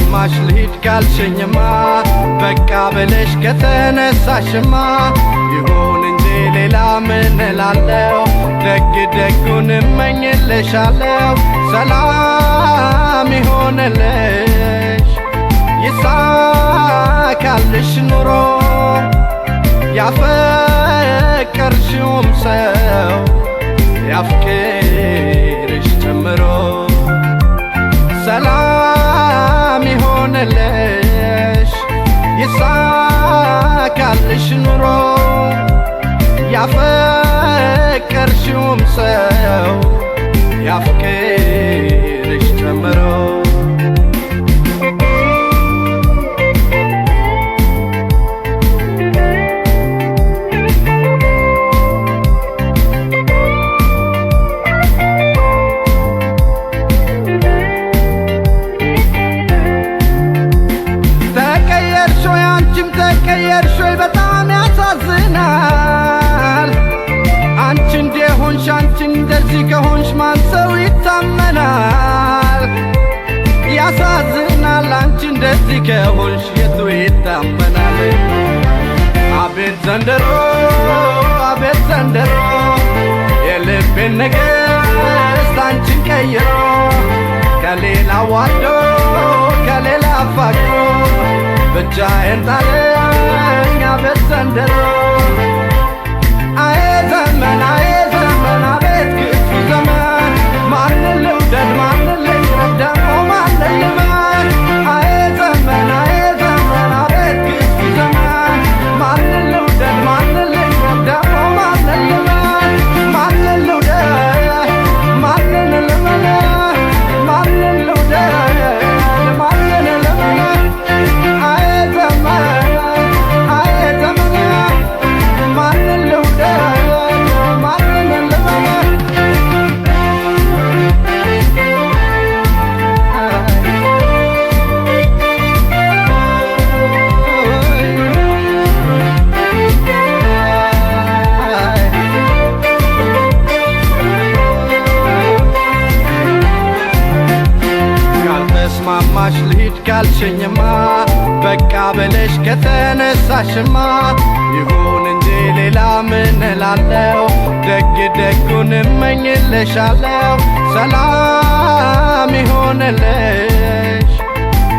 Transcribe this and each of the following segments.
ታማሽ ልሂድ ካልሽኝማ በቃ ብለሽ ከተነሳሽማ ይሁን እንጂ ሌላ ምን እላለሁ ደግ ደጉን እመኝልሻለሁ ሰላም ይሆንልሽ ይሳካልሽ ኑሮ ያፈቀርሽውም ሰው ያፍቅርሽ ጨምሮ ሆነሽ ኑሮ ያፈቀርሽውም ሰው ያፍቅር ያሳዝናል። አንቺ ሆንሽ? አንቺ እንደዚህ ከሆንሽ ማን ሰው ይታመናል? ያሳዝናል። አንቺ እንደዚህ ከሆንሽ የቱ ይታመናል? አቤት ዘንድሮ አቤት ዘንድሮ የልቤን ነገስ አንቺን ቀይሮ ከሌላ ዋዶ ከሌላ አፋቅሮ ብቻዬን ጣለ ከሰንደሮ ልሂድ ካልሽኝማ በቃ በለሽ ከተነሳሽማ ይሁን እንጂ ሌላ ምን እላለው ደግ ደጉን እመኝልሻለው ሰላም ይሆንልሽ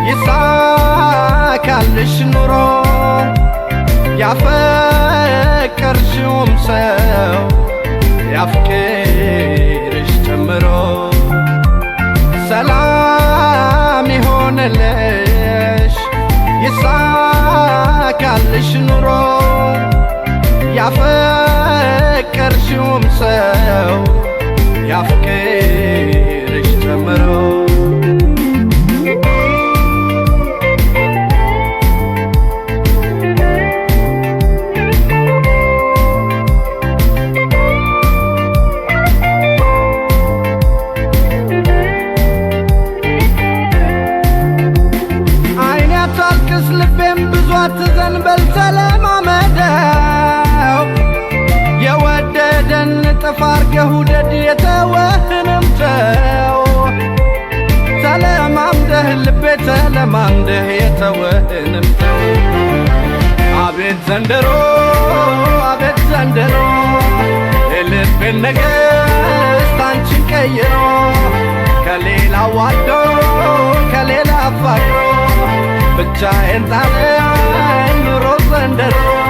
ይሳካልሽ ኑሮ ያፈቀርሽውም ሰው ያፍቅርሽ ጨምሮ ያለሽ ኑሮ ያፈ አንድህ የተወንም ሰው አቤት ዘንደሮ አቤት ዘንድሮ የልቤን ነገሥት አንቺን ቀይሮ ከሌላ ዋዶ ከሌላ አፋቅሮ ብቻዬን ጣለኝ ኑሮ ዘንድሮ